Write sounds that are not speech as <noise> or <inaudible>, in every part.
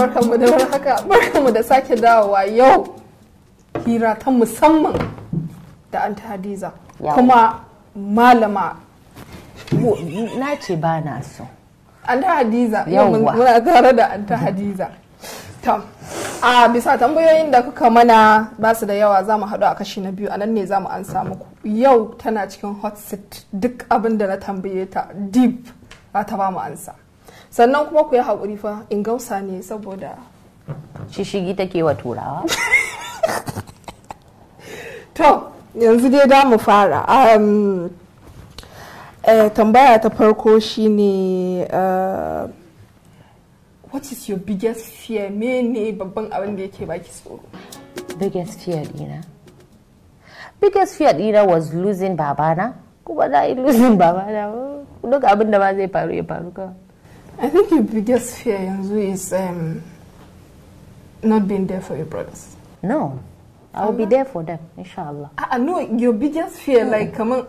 barkanmu da haka barkanmu da sake dawowa yau hira ta musamman da an hadiza kuma malama na ce ba na so an hadiza yau muna tare da an hadiza a bisa tambayoyin da kuka mana ba su da yawa za mu haɗu a kashi na biyu a nan ne za mu an samu ku yau tana cikin hot seat duk abin da na tambaye ta deep za ta ba mu ansa sannan kuma ku yi haƙuri fa in gausa ne saboda shishigi take wa turawa <laughs> to yanzu dai da mu fara um, eh, tambaya ta farko shine eh, what is your biggest fear mene babban abin da yake baki tsoro biggest fear dina biggest fear dina was losing babana kuma na yi losing babana duk abin da ma zai faru ya faru kawai I think your biggest fear Yanzu, is um, not being there for your brothers. No, I will be there for them, inshallah. I, I know your biggest fear, mm. like, come on.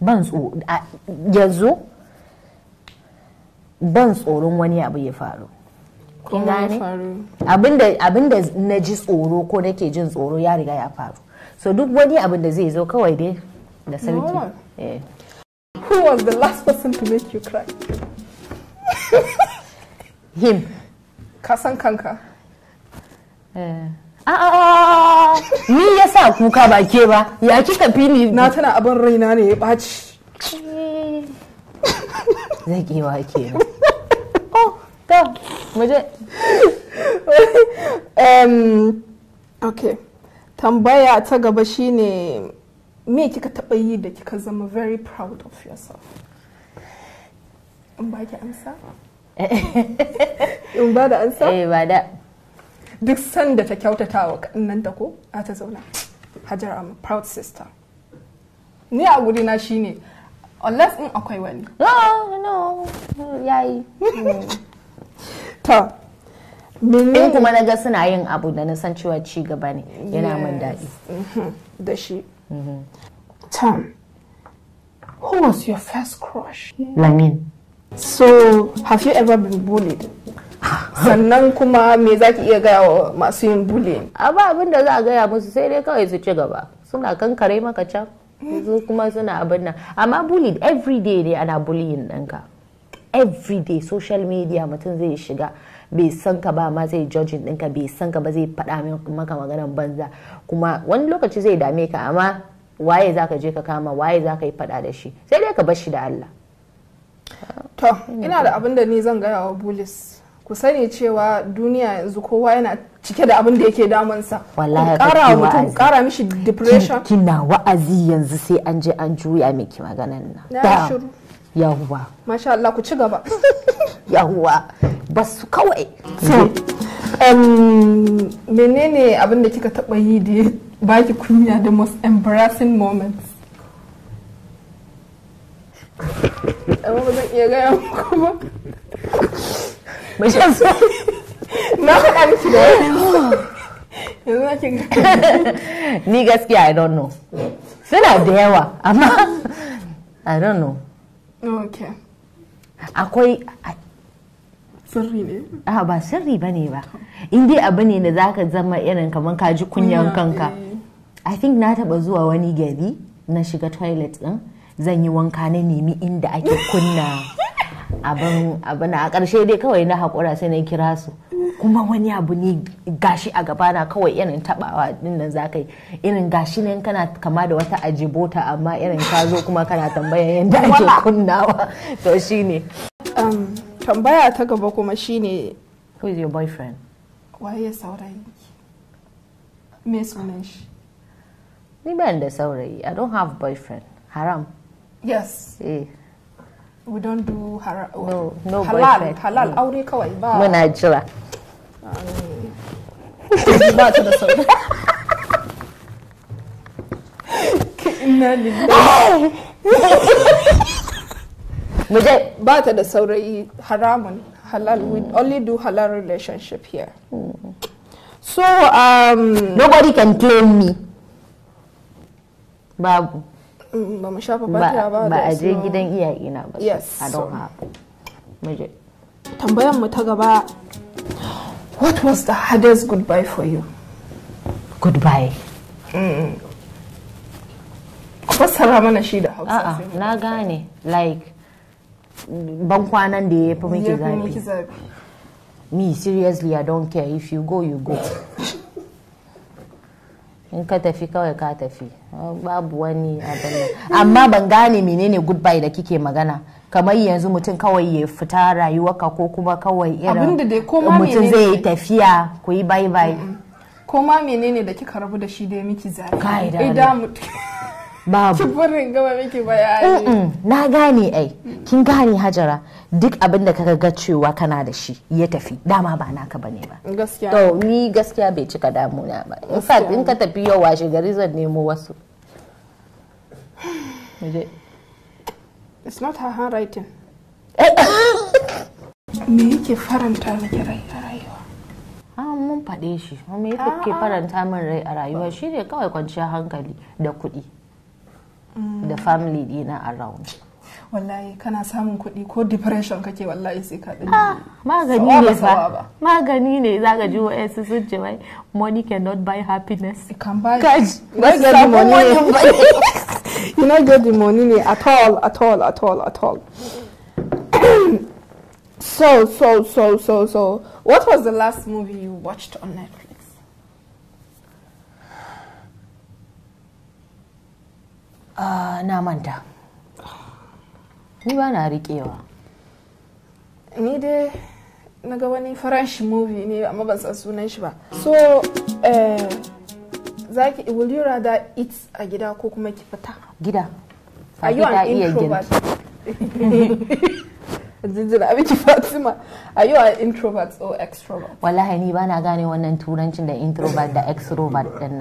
Ban ah, yanzu ban tsoron wani abu ya faru. Kin gane? na ji tsoro ko nake jin tsoro ya riga ya faru. So duk wani abin da zai zo kawai dai da sauki. who was the last person to make you cry? <laughs> Him. Kasan kanka. Eh. Ah, ah, ah, <laughs> ni ya sa kuka ba ke ba, ya kika fi ni. Na tana abin raina ne ya ɓaci. <laughs> Zaƙewa ke nan. Oh, ta, muje. Um, okay. Tambaya ta gaba shine me kika taɓa yi da kika zama very proud of yourself in ba ki amsa <laughs> in ba da amsa eh ba da duk sanda ta kyautata wa kannan ta ko a ta zauna hajar am proud sister ni a guri na shine unless in akwai wani no no yayi ta in kuma na ga suna yin abu da na san cewa ci gaba ne yana min daɗi mhm, da shi Mm -hmm. Tom, who was your first crush? Lamin. So, have you ever been bullied? sannan kuma me za ki iya gaya wa masu yin bullying? Aba abin da za a gaya musu sai dai kawai su ci gaba. Suna kankare maka can, kuma suna abin nan. Amma bullied every day ne ana bullying ɗinka. Every day social media mutum zai shiga. bai san ka ba ma zai judging ɗinka bai san ka ba zai faɗa maka maganan banza kuma wani lokaci zai dame ka amma waye za ka je ka kama waye za ka yi faɗa da shi sai dai ka bar shi da Allah. to ina da abin da ni zan gaya wa bulis ku sani cewa duniya yanzu kowa yana cike da abin da yake damunsa kara mutum kara mishi depression kina wa'azi yanzu sai an je an juya miki maganan nan na shiru yawwa masha Allah ku ci gaba <laughs> ba basu kawai so um, menene abin da kika taba yi da ba baki kunya the most embarrassing moments <laughs> ba zan iya gaya so na faɗa miki da <gasps> oh. yanzu ake <laughs> ni gaskiya i don't know suna da yawa amma i don't know okay akwai sirri ne a ba sirri bane ba in dai abu ne da zaka zama irin kamar kaji kunyan kanka eh. i think na taba zuwa wani gari na shiga toilet din zan yi wanka na nemi inda ake kunna <laughs> abin abin a karshe dai kawai na haƙura sai na kira su kuma wani abu ne gashi a gaba na kawai irin tabawa din nan zaka yi irin gashi ne kana kama da wata ajibota amma irin ka zo kuma kana tambaya yadda ake kunnawa to shine um, tambaya ta gaba kuma shine who is your boyfriend waye saurayi me sunan shi ni ban da saurayi i don't have boyfriend haram yes eh we don't do haram no no halal boyfriend. halal no. aure kawai ba muna jira <laughs> ba ta da saurayi <laughs> inna lillahi <laughs> mu je ba ta da saurayi haramun halal we only do halal relationship here so um, nobody can claim me babu mm, ba mu shafa fatiha ba ba a je gidan na ba yes i don't have mu tambayan mu ta gaba what was the hardest goodbye for you goodbye mm. fasara mana shi da hausa na gane like ban kwanan da ya fi miki zafi me seriously i don't care if you go you go in ka tafi kawai ka tafi babu wani abin amma ban gane menene goodbye da kike magana kamar yanzu mutum kawai ya fita rayuwarka ko kuma kawai irin mutum zai yi tafiya ku yi bye bye ko ma menene da kika rabu da shi da ya miki zafi idan mutum <laughs> babu barin gaba miki bayani na gane ai kin gane hajara duk abin da kaga ga cewa kana da shi ya tafi dama ba naka bane ba gaskiya to ni gaskiya bai cika damuna ba in fact in ka tafi yau washe gari zan nemo wasu it's not her handwriting <coughs> me yake faranta miki rai a rayuwa mun faɗe shi me yake faranta min rai a rayuwa shi ne kawai kwanciyar hankali da kuɗi da family dina around wallahi kana samun kuɗi ko depression kake wallahi sai ka ɗin ah, magani ne fa magani ne za ka ji su sun ce mai money cannot buy happiness it can buy Kaj, you get the money <laughs> you not get the money ne at all at all at all at all <clears throat> so so so so so what was the last movie you watched on netflix Ah, na manta ni ba na riƙewa ni dai na ga wani french movie ne amma ban san sunan shi ba so eh, zaki will you rather eat a gida ko kuma ki fita gida a gida iya gida <laughs> jinjina ki <laughs> fatima are you an introvert or extrovert wallahi ni bana gane wannan turancin da introvert da extrovert din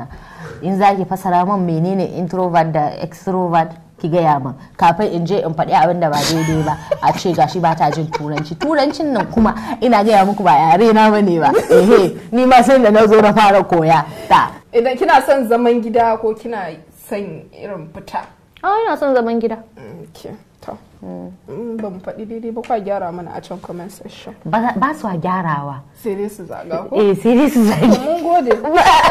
in za ki fasara min menene introvert da extrovert ki gaya min kafin in je in faɗi abin da ba daidai ba a ce gashi ba ta jin turanci turancin nan kuma ina gaya muku ba yare na bane ba ehe ni ma sai da na zo na fara koya ta idan kina son zaman gida ko kina son irin fita a ah, ina son zaman gida mm, ta mm, ba mu faɗi daidai ba kwa gyara mana a can comment section ba su a gyarawa sai dai su zaga ko eh sai dai su zaga mun gode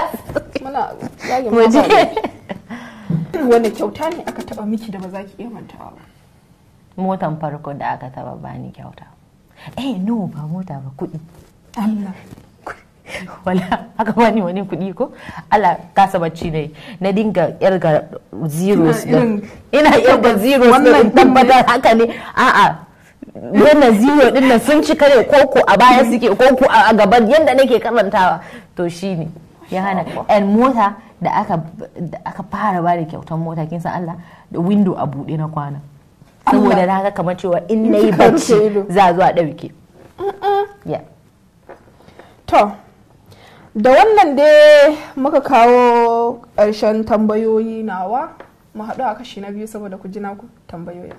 <laughs> muna zagi mu wani kyauta ne aka taba miki da ba za ki iya mantawa ba motan farko da aka taba bani kyauta eh no ba mota ba kuɗi Allah <laughs> wala aka bani wani kuɗi ko ala kasa bacci ne na dinga yar ga zeros ina ga zeros da tabbata haka ne a'a wannan zero din nan sun ci kare koko a baya suke koko a gaban yadda nake karantawa to shine ya hana and mota da aka fara ba da kyautan mota kin san Allah da window a buɗe na kwana saboda na ga kamar cewa in nayi <laughs> bacci za zuwa ɗauke to da wannan dai muka kawo ƙarshen tambayoyi nawa mu haɗu a kashi na biyu saboda ku ji na tambayoyi